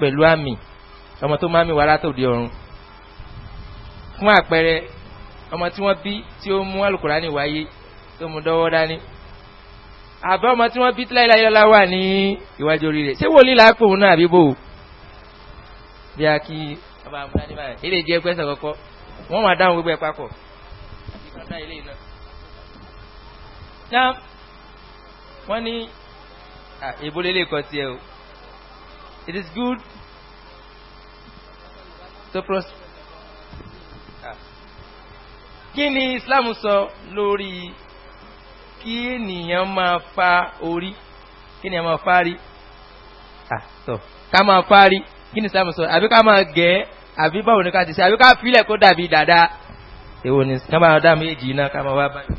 pẹ̀lú àmì ọmọ tó máa mi wá látòdì ọ̀run fún àpẹẹrẹ ọmọ tí wọ́n bí tí ó mú alukurani wáyé tó mú dọ́wọ́ dání àbá ọmọ tí wọ́n bí tí láyé lọ́la wà ní ìwájú orí rẹ̀ ṣé wòlíì làápò òun náà àbíbò bí a kí ọba àmúlá ní báyìí ilé jẹ́ pẹ́sẹ̀ kọ́kọ́ wọ́n máa dáhùn gbogbo ẹ̀ papọ̀ wọ́n ní ìbólélé kan tiẹ̀ o it is good So plus, ah. kí ni Islam sọ lórí kí ènìyàn máa fa orí kí ènìyàn máa fárí àtọ ah, ká máa fárí kí ni Islam sọ àbí ká máa gẹ̀ àbí báwo ni ká ti ṣe àbí ká filẹ̀ kó dàbí dàda èwo ni ká máa dá méjì iná ká máa wá báyìí.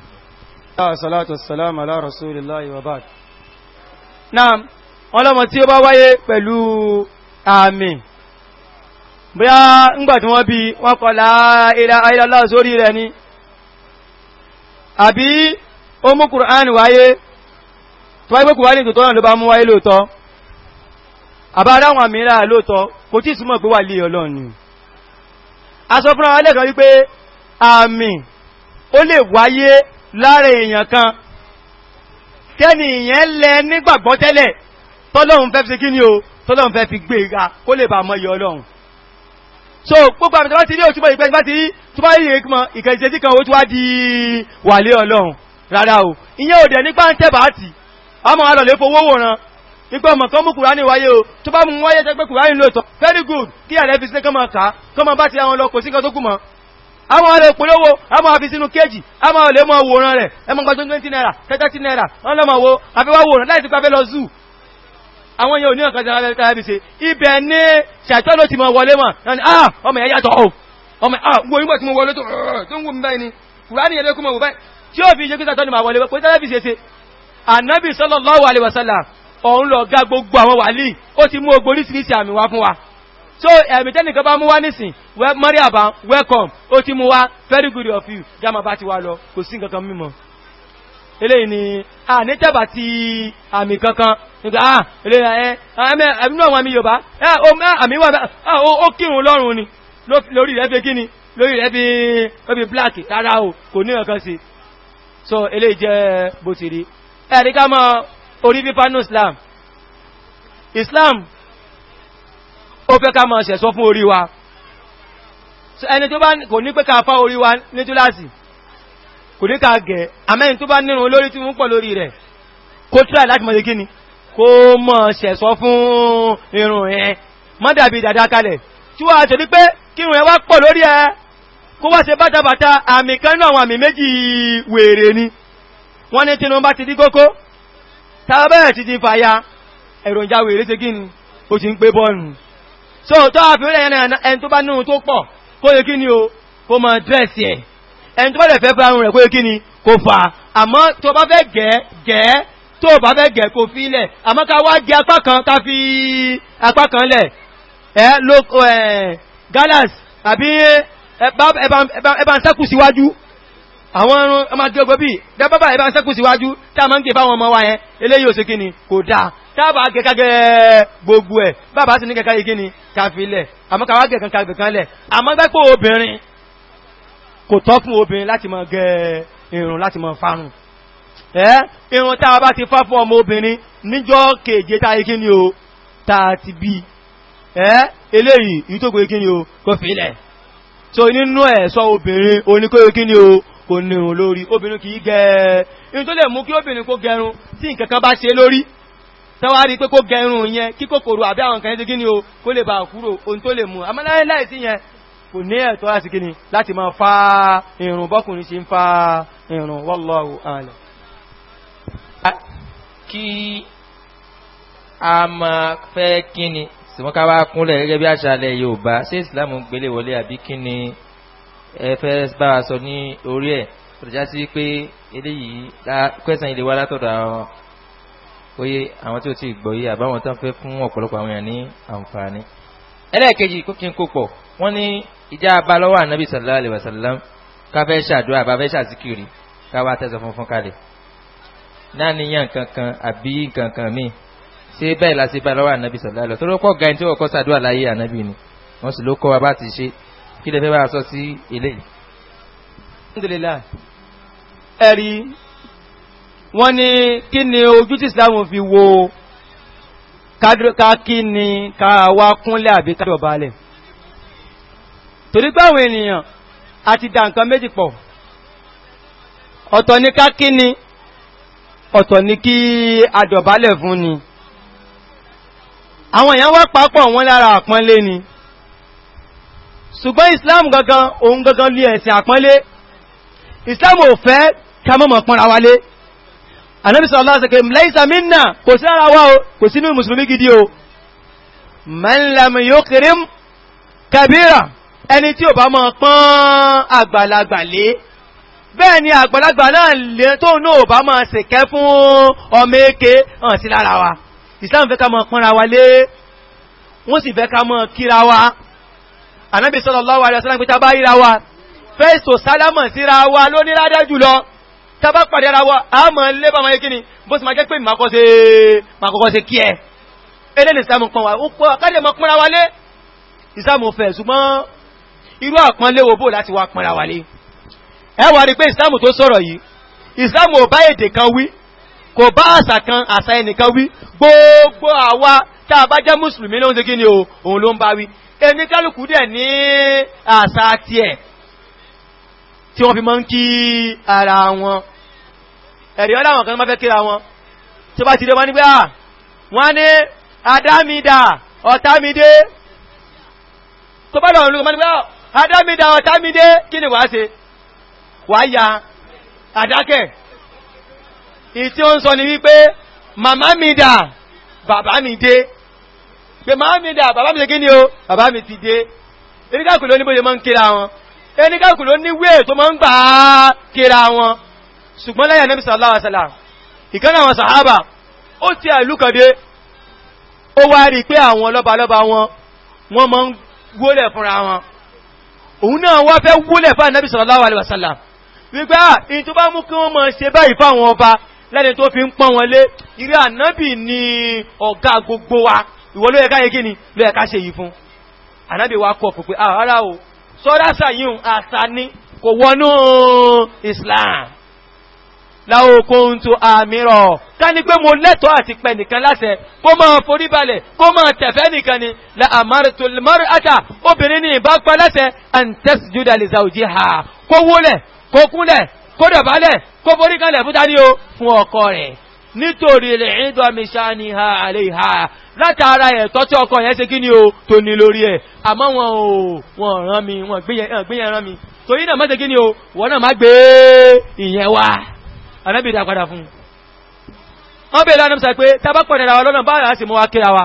salatu salam ala rasulillahi wa baad. naam. ọlọ́mọ tí ó bá wáyé pẹ̀lú àmì bóyá ńgbàtí wọ́n bí wọ́n kọ la sórí rẹ̀ ni àbí ó mú Kùránì wáyé tó wáyé Kùránì tó tọ́nà ló bá mú wáyé lóòtọ́ àmìrà pé wà lè ọlọ́ni a sọ kẹ́ni ìyẹn lẹ nígbàgbọ́ tọ́lọ́run fẹ́ fi kí ni o tọ́lọ́run fẹ́ fi gbéra kó lè bà mọ́ iye ọlọ́run so gbogbo àmì tọ́bá ti rí òtúbọ̀ ìgbẹ́ ìgbẹ́ ti rí túbọ̀ ìyè kan kan ó tún wá di wàlé ọlọ́run rárá o ìyẹn òdẹ̀ nígbà ń tẹ̀bà tì ọmọ alọ̀lẹ́ very good kí ààrẹ fi sílé kọ́mọ ká kọ́mọ bá ti àwọn lọ kò sí kan tó kù mọ́ àwọn ọ̀rẹ́ ìpolówó àwọn àfi sínú kéjì àwọn ọ̀lẹ́ mọ́ wòran rẹ̀ ẹmọ gbọ́dọ̀ 20 naira 30 naira wọ́n lọ́mọ wo àfi lọ zoo àwọn yẹn ò ní ọ̀kan tàbí tàbí ṣe ibẹ̀ ní ṣàtọ́lọ́ ti mọ̀ wọlé mọ̀ náà ni ah ọmọ ẹ̀yà yàtọ̀ ọ̀ ọmọ ah wo ìgbà tí mo wọlé ah, tó ń wù mí báyìí ni kùránì yẹn lókùnmọ̀ wù báyìí tí ó fi ṣe kí sàtọ́ni máa wọlé pé tàbí ṣe ṣe ànábì sallallahu alaihi wasallam òun ti so ẹ̀mí tẹ́nìkan bá mú wá nísìn mọ́rí àbá welcome ó ti mú wá very good of you jáma bá ti wá lọ kò sí nǹkan kan eléyìí ni a ní tẹ́bà ti àmì kankan nígbà ah eléyìí ẹ eh, ah, ẹmí náà wọn mi yorùbá ẹ ah, ah, àmì wà ó kírun lọ́rùn ni lórí rẹ̀ fi kí ni lórí rẹ̀ fi black tara o kò ní ọ̀kan sí so eléyìí jẹ́ bó ti rí ẹ̀rí mọ́ orí fífá ní islam islam ó fẹ́ ká mọ́ ṣẹ̀sọ́ fún orí wa ẹni tó bá kò ní pé ká fá orí wa ní kò dé ká gẹ̀ àmẹ́yìn tó bá nínú olórí tí wọ́n pọ̀ lórí rẹ̀ kó tíra láti mọ̀lẹ́ kíni kó mọ̀ ṣẹ̀sọ fún irun ẹ̀ mọ́ dàbí dàdá kalẹ̀ tí wọ́n àtẹ̀lé pé kírun ẹ̀ wá pọ̀ lórí ẹ̀ kó wá ṣe bátàbàtà àmì kan náà àwọn àmì méjì wèrè ni wọ́n ní Tinubu ti di kókó tàbẹ́ẹ̀ ti di fàyà èròjà wèrè ṣe kíni ó ti ń pé bọ́ọ̀nù so tó àfihàn ẹni tó bá nínú tó pọ̀ kó lè kíni o kó mọ̀ dírẹ́sì ẹ̀ ẹni tó bá lè fẹ́ fẹ́ rẹ̀ pé kí ni kò fà àmọ́ tó bá fẹ́ gẹ́ gẹ́ tó bá fẹ́ gẹ́ kò fi lẹ̀ àmọ́ ká wá gẹ apá kan ká fi apá kan lẹ̀ ẹ ló ẹ galas àbí ẹbá ń sẹ́kù síwájú àwọn ọrùn ọmọ tí ó gbé bí dábàbà ẹbá ń sẹ́kù síwájú tá a máa ń gẹ fáwọn ọmọ wa yẹn eléyìí ò sí kí ni kò dáa tábà gẹ́gẹ́gẹ́ gbogbo ẹ̀ bàbá sì ní kò tọ́ fún obìnrin láti máa gẹ irun láti máa fárun ẹ́ irun tá a bá ti fá fún ọmọ obìnrin níjọ́ keje tá ikí ni o tá ti bí ẹ́ eléyìí yìí tó gbé kí ni o kò fílẹ̀ so nínú ẹ̀ṣọ́ obìnrin oníkóyè kí o kò nìrùn lórí obìnrin kìí gẹ irun tó lè mú kí obìnrin kó gẹrun tí nǹkan bá ṣe lórí tẹ́wàá pé kó gẹrun yẹn kí àbí àwọn kan yẹn ti kí o kó lè bá kúrò ohun tó lè mú àmọ́ láyé yẹn kò ní ẹ̀tọ́ láti kíni láti máa fa irun bọ́kùnrin ṣe ń fa irun wallahu a'lam kí a máa fẹ́ kíni ṣùgbọ́n ká wá kúnlẹ̀ gẹ́gẹ́ bí àṣàlẹ̀ Yorùbá ṣé ìsìlámù gbélé wọlé àbí kíni ẹ fẹ́ bá wa sọ ní orí ẹ̀ tọ̀jà sí pé eléyìí kwẹ́sàn ilé wa látọ̀dọ̀ àwọn oyè àwọn tí ó ti gbọ́ yìí àbáwọn tán fẹ́ fún ọ̀pọ̀lọpọ̀ àwọn èèyàn ní àǹfààní ẹlẹ́ẹ̀kejì kókín kó pọ̀ wọ́n ní ìjà abá ànábì sallallahu alaihi wasallam ká fẹ́ ṣàdúrà bá fẹ́ ṣàzíkìrì ká wá tẹ̀sán funfun kalẹ̀ náà níyàn kankan àbí kankan míì ṣé bẹ́ẹ̀ la ṣe bá lọ́wọ́ ànábì sallallahu alaihi wasallam tó ló pọ̀ gan tí wọ́n kọ́ ṣàdúrà láyé ànábì ni wọ́n sì ló kọ́ wa bá ti ṣe kí lè fẹ́ bá a sọ sí eléyìí. ẹ̀rí wọ́n ní kí ni ojú tí Islam fi wo ká kí ni ká wá kúnlẹ̀ àbí ká dọ̀bálẹ̀ torí pé àwọn ènìyàn àti dà nǹkan méjì pọ̀ ọ̀tọ̀ ní ká ni ọ̀tọ̀ ní kí adọ̀bálẹ̀ fún ni àwọn èèyàn wá papọ̀ wọn lára àpọ́nlé ni ṣùgbọ́n Islam gangan òun gangan lè ẹ̀sìn àpọ́nlé Islam ò fẹ́ kamọ́mọ̀ pọ́nra wálé Ànábì sallallahu alaihi wasallam laysa minna kò sí ara wá kabira ẹni tí ò bá mọ́ pọ́n àgbàlagbà lé bẹ́ẹ̀ ni àgbàlagbà náà lè tó ní ò bá mọ́ sèkẹ́ fún ọmọ èké hàn sí lára wa Islam fẹ́ ká mọ́ pọ́nra wa lé wọ́n sì fẹ́ ká mọ́ kíra wa Ànábì sallallahu alaihi wasallam pé tá bá ríra wa fẹ́ẹ̀sọ̀ sálámọ̀ síra wa ló ní ládá jùlọ tá bá pàdé ara wa a mọ̀ lébà máa yé kí ni bó sì ṣùgbọ́n irú àpọ́nléwò bó láti wá pọ́nra wà lé ẹ wá rí pé ìsìláàmù tó sọ̀rọ̀ yìí ìsìláàmù ò bá èdè kan wí kò bá àṣà kan àṣà ẹnìkan wí gbogbo àwa tá jẹ́ mùsùlùmí ló kí ni o òun ló ń bá wí ẹni kálukú dẹ̀ ní àṣà tiẹ̀ tí wọ́n fi mọ́ ń kí ara wọn ẹ̀rí ọ́lá àwọn kan máa fẹ́ kíra wọn tí bá ti dé wọ́n ní à wọ́n ní adámidà ọ̀támidé tó bá lọ́rùn lókè máa ní adámidà ọ̀támidé kí ni wàá ṣe wàá ya àdákẹ́ ìtí ó ń sọ ni wípé màmá mi dà bàbá mi dé pé màmá mi dà bàbá mi dé kí ni o bàbá mi ti dé eníkàkù ló ní bóyá máa ń kíra wọn eníkàkù ló ní wéè tó máa ń gbà á kíra wọn ṣùgbọ́n lẹ́yìn Ànábì sallallahu alaihi wasallam ìkànnì àwọn sàhábà ó ti òun náà wá fẹ́ wúlẹ̀ fún ànábì sallallahu alaihi wasallam wípé à ah, in tó bá mú kí wọ́n mọ̀ ṣe báyìí fáwọn ọba lẹ́ni tó fi ń pọ́n wọn lé ìrí ànábì ni ọ̀gá gbogbo wa ìwọ ló yẹ ká yẹ kí ni ló yẹ ká ṣe yìí fún ah, Islam láwọ́ okun tó àmìrọ̀ ká ní pé mo lẹ́tọ́ àti pẹ nìkan láṣẹ kó máa forí balẹ̀ kó máa tẹ̀fẹ́ nìkan ni la àmàrìtòlùmọ́rì àtà obìnrin ní ìbá pa láṣẹ and test judah lè zàwùjí ha kó wólẹ̀ kó kúnlẹ̀ kó dọ̀bálẹ̀ kó forí kanlẹ̀ fún tani o fún ọkọ rẹ̀ nítorí rẹ̀ ìdọ́míṣà ha àlè ha látara ẹ̀tọ́ tí ọkọ yẹn ṣe kí ni o tó ní lórí ẹ̀ àmọ́ wọn ò wọn o wọn náà má ànábì dá padà fún un wọ́n bèèrè lánàá sọ pé tàbá pọ̀nẹ̀ra wa lọ́nà báyà sì mọ́ wa kíra wa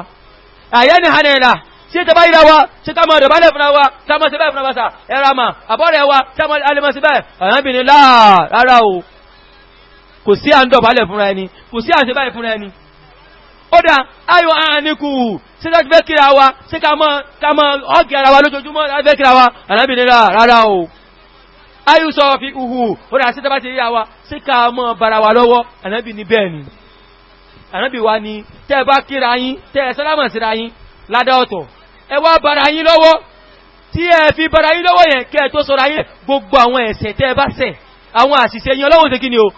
ni hanẹ̀ra sí tàbá ìra wa sí ká mọ̀ dọ̀bálẹ̀ fúnra wa ká mọ̀ sí bẹ́ẹ̀ fúnra wa sà ẹ̀ra mà àbọ̀rẹ̀ wa ká mọ̀ alẹ́mọ̀ sí ni láà rárá o kò sí à ń dọ̀bálẹ̀ fúnra ẹni kò sí à ń ṣe báyìí fúnra ẹni ó dá ayò àníkù sí láti fẹ́ kíra wa sí ká mọ̀ ọ̀gẹ̀ ara wa lójoojúmọ́ láti fẹ́ kíra wa ànábì rárá o ayúsọ fi uhu ó dá sí tàbá ti rí àwa sí ká mọ́ bara wa lọ́wọ́ ànábì ní bẹ́ẹ̀ ni ànábì wa ni tẹ́ bá kíra yín tẹ́ sálámà síra yín ládá ọ̀tọ̀ ẹ wá bara yín lọ́wọ́ tí ẹ fi bara yín lọ́wọ́ yẹn kẹ́ tó sọ́ra yín gbogbo àwọn ẹ̀ṣẹ̀ tẹ́ bá ṣẹ̀ àwọn àṣìṣe yín ọlọ́wọ́ ṣe kí ni o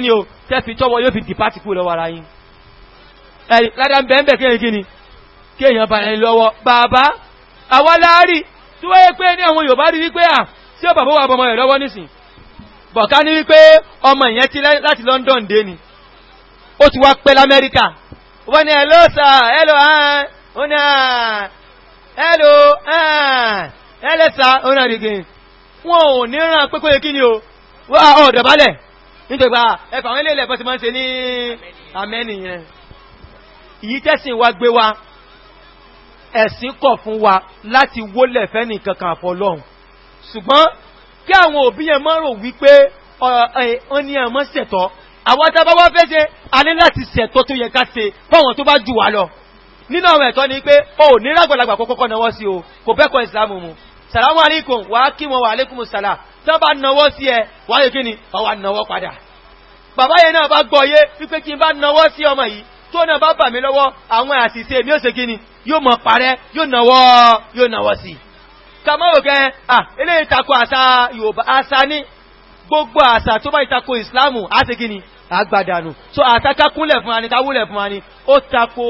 ni o tẹ́ fi láàárín tí wáyé pé ní àwọn Yorùbá rí wípé à bàbá wà bọmọ rẹ̀ lọ́wọ́ nísìn bọ̀ká ní ọmọ ìyẹn ti láti London dé ni ó ti wá pẹ́ l'Amẹ́ríkà wọ́n ní hello sir hello hàn hello hello sir ó ò ní ràn kí ni o wọ́n ọ̀ dọ̀bálẹ̀ nítorípa ẹ̀fà àwọn ilé ilẹ̀ bọ́ ti ń ẹ̀sìn kọ̀ fún wa láti wólẹ̀ fẹ́ni kankan àfọlọ́hun ṣùgbọ́n kí àwọn òbí yẹn máa rò wípé ọ ní ẹ̀mọ́ ṣẹ̀tọ́ àwọn tá a bá wá fẹ́ ṣe a láti ṣẹ̀tọ́ tó yẹ ká ṣe fáwọn tó bá jù wá lọ nínú àwọn ẹ̀tọ́ ni pé o ní rágbàlagbà kọ́kọ́ náwọ́ sí o kò bẹ́kọ̀ ìsìlámù mu sàlámù alaykum wà á kí wọn wà alaykum sàlá tó bá náwọ́ sí ẹ wà á yẹ kí ni ọwà náwọ́ padà bàbá yẹn náà bá gbọ́yé wípé kí n bá náwọ́ sí ọmọ yìí tó náà bá bà mí lọ́wọ́ àwọn àṣìṣe mi ò ṣe kí ni yóò mọ̀ parẹ́ yóò nàwọ́ yóò nàwọ́ sí i kàmáwò kẹ́ à eléyìí tako àṣà Yorùbá àṣà ní gbogbo àṣà tó bá ìtako ìsìláàmù àṣegínì àgbàdànù so àtàkàkúnlẹ̀ fún ani káwúlẹ̀ fún ani ó tako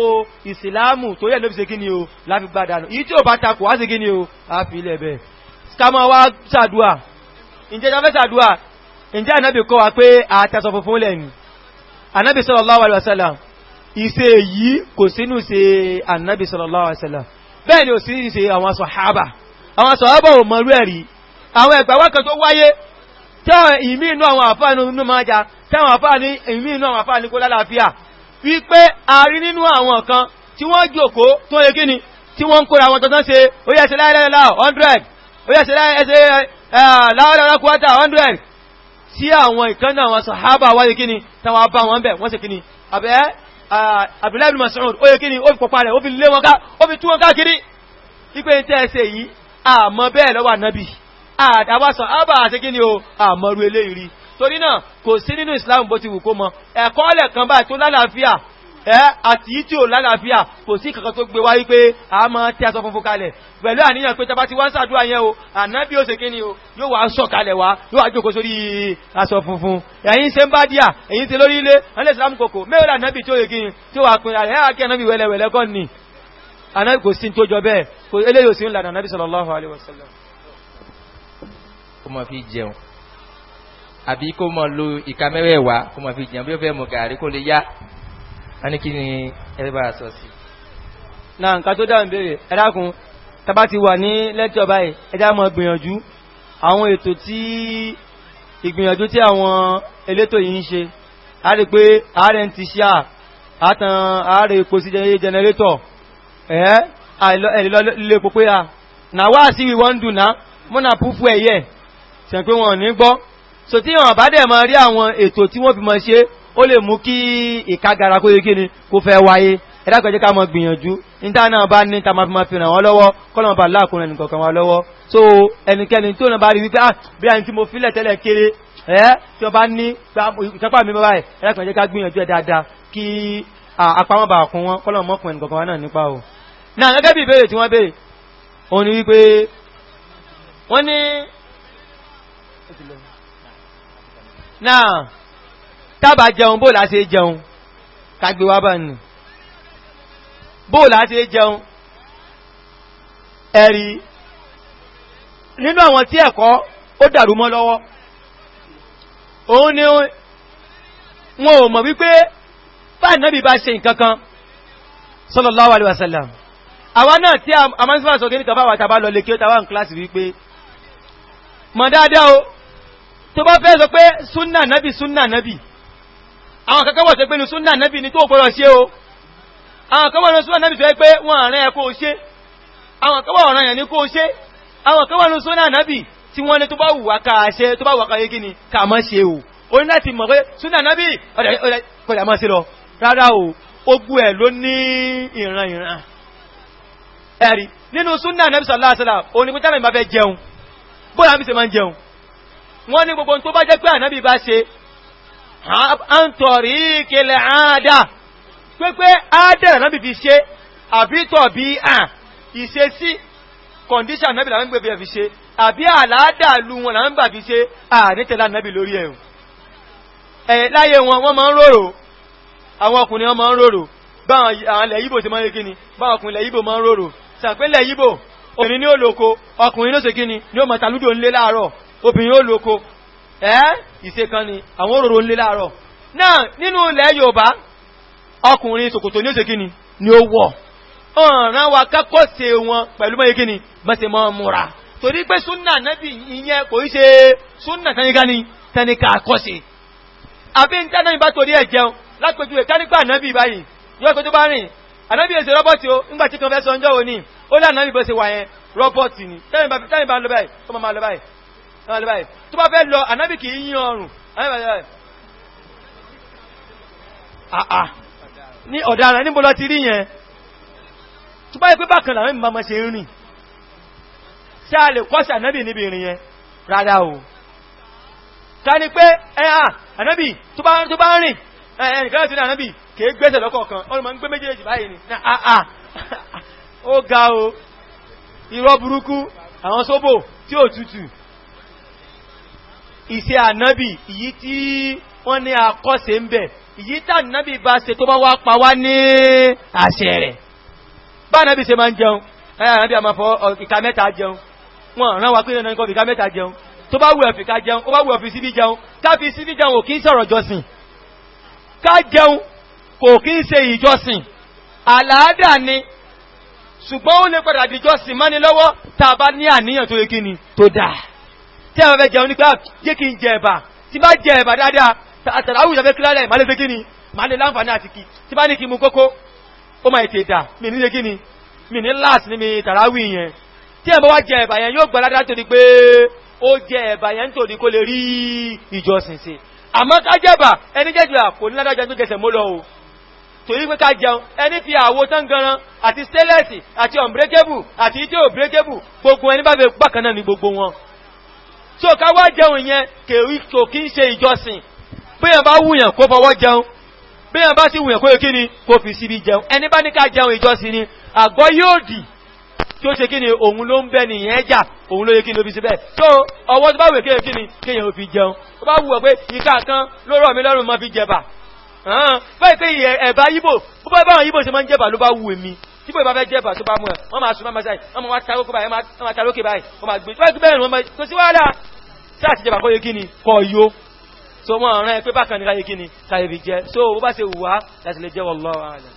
ìsìláàmù tó yẹ lóbi ṣegínì o láfi gbàdànù èyí tí ò bá tako àṣegínì o àfi ilẹ̀ bẹ́ẹ̀ kàmá wá ṣàdúà ǹjẹ́ ìṣe yìí kò sínú ṣe annabi sallallahu alaihi wasallam bẹ́ẹ̀ ni ò sí ṣe àwọn sọ̀hábà àwọn sọ̀hábà ò mọ̀rú ẹ̀rí àwọn ẹgbà wákan tó wáyé tẹ́wọ̀n ìmí inú àwọn àfáàní inú máa já tẹ́wọ̀n àfáàní ìmí inú àwọn àfáàní kó lálàáfíà wípé a rí nínú àwọn kan tí wọ́n jókòó tó yẹ kíni tí wọ́n ń kóra àwọn tọ́tọ́ ṣe ó yẹ ṣe láìláìlá 100 ó yẹ ṣe láìláìlá kúwátà 100 tí àwọn ìkànnà àwọn sọ̀hábà wáyé kíni táwọn abá wọn bẹ̀ wọ́n ṣe kíni àbẹ́ Ah, Abdullahi ibn Mas'ud ó yẹ kí ni ó fi pọ̀pá rẹ̀ ó fi lé wọn ká ó fi tú wọn káàkiri wípé tẹ́ ẹsẹ̀ yìí àmọ́ bẹ́ẹ̀ lọ́wọ́ ànábì àdáwàsàn ábà àti kí ni o àmọ́rú eléyìí rí torí náà kò sí nínú Islam bó ti wù kó mọ ẹ̀kọ́ ọ̀lẹ̀ báyìí tó lálàáfíà àti tí ò lálàáfíà kò sí kankan tó gbé wá wípé a mọ́ tí a sọ funfun kalẹ̀ pẹ̀lú àníyàn pé tàbá ti wá ń sàdúrà yẹn o ànábí ó ṣe kí ni o yóò wá sọ kalẹ̀ wá yóò wá jókòó sórí aṣọ funfun ẹ̀yin ṣe ń bá díà ẹ̀yin ti lórí ilé ẹ̀lẹ́ ìsìlámù kòkò mẹ́rin ànábí tí ó yẹ sallallahu alaihi wasallam kó máa fi jẹun àbí kó máa lo ìka mẹ́wẹ̀ẹ̀wá a ní kí ni ẹgbẹ́ bá sí na nǹkan tó dáhùn béèrè ẹ dákun tàbá ti wà ní lẹ́tọ̀ báyìí ẹ dá mọ́ gbìyànjú àwọn ètò tí ìgbìyànjú tí àwọn elétò yìí ń ṣe a rí pé ààrẹ ti àtàn ààrẹ epo sí jẹnẹrétọ̀ ẹ̀ na wá sí ìwọ́n ń dùnà múnà púpù ẹ̀yẹ ṣẹ̀ pé wọn ò ní gbọ́ ó lè mú kí ìkágara kó yege ni kó fẹ́ wáyé ẹ̀dàgbẹ̀jẹ́ ká mọ̀ gbìyànjú níta náà bá ní tàbí máa fi ràn wọ́n lọ́wọ́ kọ́lọ̀mọ̀ láàkùnrin ẹnì kọ̀ọ̀kan lọ́wọ́ so ẹnikẹ́ni tó náà bá rí wípé ah, bí i tí mo fílẹ̀ tẹ́lẹ̀ kéré ẹ́ tí ó bá ní ìtẹ́pà mi báyìí ẹ̀dàgbẹ̀jẹ́ ká gbìyànjú ẹ̀ dáadáa kí apámọ́ bá kún wọn kọ́lọ̀mọ̀ ọkùnrin ẹnì kọ̀ọ̀kan wa tábà jẹun bóòlá ṣe jẹun kàgbé wá bá nì bóòlá ṣe jẹun ẹ̀rí nínú àwọn tí ẹ̀kọ́ ó dàrú mọ́ lọ́wọ́ òun ni wọn ò mọ̀ wípé fáànàbì bá ṣe nǹkankan sallallahu alaihi wasallam àwọn náà tí a máa ń sọ́rọ̀ sọ́kẹ́ nìkan fáwà tàbá lọ lè kí ó tàbá ń kíláàsì wípé mọ̀ dáadáa o tó bá fẹ́ sọ pé súnà nábì súnà nábì àwọn kankan wọ̀sẹ̀ pẹ̀lú súnà nẹ́bì ní tó gbọ́rọ̀ ṣe o àwọn kankan wọ̀nà súnà nẹ́bì fẹ́ pé wọ́n àrẹ ẹ̀kọ́ ṣe àwọn kankan wọ̀nà yẹn ní kó ṣe àwọn kankan wọ̀nà súnà nẹ́bì tí wọ́n ní tó bá wùwà ká ṣe tó bá wùwà ká yé gíní ká mọ́ ṣe o ó ní láti mọ̀ pé súnà nẹ́bì kọ̀dà mọ́ sí sallallahu alaihi wasallam òní pé tẹ́lẹ̀ máa fẹ́ jẹun bóyá mi sì máa ń jẹun wọ́n ní àǹtọ̀rí kele àádá pépé àádá náà fi ṣe àbítọ̀ bí à ìṣesí kọ̀ndíṣà náà bìlà gbẹ̀bẹ̀ fi ṣe àbí àlàádà lu wọn náà bà fi ṣe ànítẹ̀lá náà bì lórí ẹ̀hùn ẹ̀ láyé wọn wọ́n máa ń rorò àwọn ọkùnrin wọn máa ń rorò báwọn ilẹ̀ yíbò ti máa ń yé kíni báwọn ọkùnrin ilẹ̀ yíbò máa ẹ́ eh? ìṣe kan ni àwọn òróró ń lé láàárọ̀ náà nínú ilẹ̀ Yorùbá ọkùnrin ṣòkòtò ní ó ṣe kí ni ni ó wọ̀ ọ̀ràn wa kẹ́kọ̀ọ́ ṣe wọn pẹ̀lú mọ́ ikini bẹ́sẹ̀ mọ́ múra torí pé súnà náàbì ìyẹn kò í ṣe súnà tẹ́nìká ní tẹ́nìká àkọ́ṣe àbí ń tẹ́nà ìbá torí ẹ̀ jẹun lápẹjú ìkánípà náàbì báyìí yóò pé tó bá rìn ànábì èsè rọ́bọ̀tì ó ńgbà tí kan fẹ́ sọ ọjọ́ òní ó lé ànábì bó ṣe wà yẹn rọ́bọ̀tì ni tẹ́yìn bá lọ báyìí ó máa lọ báyìí tó bá fẹ́ lọ ànábì kì í yín ọrùn ah, ah. ní ọ̀daràn níbo lọ ti rí yẹn tó bá yẹ pé bákan làwọn ìmọ̀ se ń rìn tí a lè kọ́sí ànábì níbi ìrìn yẹn rárá o ta ni pé ẹ̀hà ah, ànábì tó bá rìn ẹnìkan tí ní ànábì kìí gbẹ́sẹ̀ lọ́kọ̀ọ̀kan ọlọ́mọ ń gbé o irọ́ burúkú àwọn sóbò tí ó tutù iṣẹ́ ànábì èyí tí wọ́n ní àkọ́ṣe ń bẹ̀ èyí tí ànábì bá ṣe tó bá wá pa wá ní àṣẹ rẹ̀ bá ànábì ṣe máa ń jẹun ẹ̀yà ànábì àmà fọ ìka mẹ́ta jẹun wọn rán wa pé nínú nǹkan ìka mẹ́ta jẹun tó bá wù ẹ̀fìka jẹun ó bá wù ẹ̀fì síbí jẹun káfí síbí jẹun ò kí ń sọ̀rọ̀ jọsìn ká jẹun kò kí ń ṣe ìjọsìn àlàádà ni ṣùgbọ́n ó lè padà dìjọsìn mọ́ni lọ́wọ́ tá a bá ní àníyàn tó yẹ kí ni tó dáa tí a fẹ́ jẹun ní pé jẹ́ kí n jẹ ẹ̀bà tí bá jẹ ẹ̀bà dáadáa àtàrà àwùjọ fẹ́ kílálẹ̀ máa lè ṣe kí ni máa lè láǹfààní àti kí tí bá ní kí mu kókó ó máa ètè dà mí ní ṣe kí ni mí ní láàsì ní mi tàràwì yẹn tí ẹ̀ bá wá jẹ ẹ̀bà yẹn yóò gbà ládàá torí pé ó jẹ ẹ̀bà yẹn nítorí kó lè rí ìjọsìn sí àmọ́ ká jẹ́bà ẹni jẹ́jẹ́ kò ní ládàá jẹun tó jẹsẹ̀ mọ́ lọ o torí pé ká jẹun ẹni fi àwo tán ganan àti stainless àti unbreakable àti tí breakable gbogbo ẹni bá fẹ́ gbàkan ní gbogbo wọn so ká wá jẹun yẹn kèrí kò kí ń ṣe ìjọsìn bíyàn bá wùyàn kó fọwọ́ jẹun bíyàn bá sì wùyàn kó yẹ kí ni kò fi síbi jẹun ẹni bá ní ká jẹun ìjọsìn ni àgọ́ yóò dì tí ó ṣe kí ni òun ló ń bẹ nìyẹn jà òun ló yẹ kí ni ó fi sí bẹ́ẹ̀ so ọwọ́ tó bá wù kí ni kéèyàn ó fi jẹun ó bá wù ọ pé ìka kan ló rọ̀ mí lọ́rùn mọ́ fi jẹba báyìí pé ẹ̀bá yíbò bó bá báwọn yíbò ṣe máa ń jẹba ló bá wù mí tí bóyá bá jẹ́ ìfà bá mú ẹ wọ́n máa sùn máa ṣáì wọ́n máa tarókè báyìí wọ́n máa tarókè báyìí wọ́n máa gbé tó gbé bẹ́ẹ̀ ni kò sí wàhálà tí àti jẹba kóye kíni kọ yó so wọ́n rán ẹ pé bákan ní káyé kíni káyé fi jẹ so bó bá ṣe wù wá láti lè jẹ́ wallahu a'lam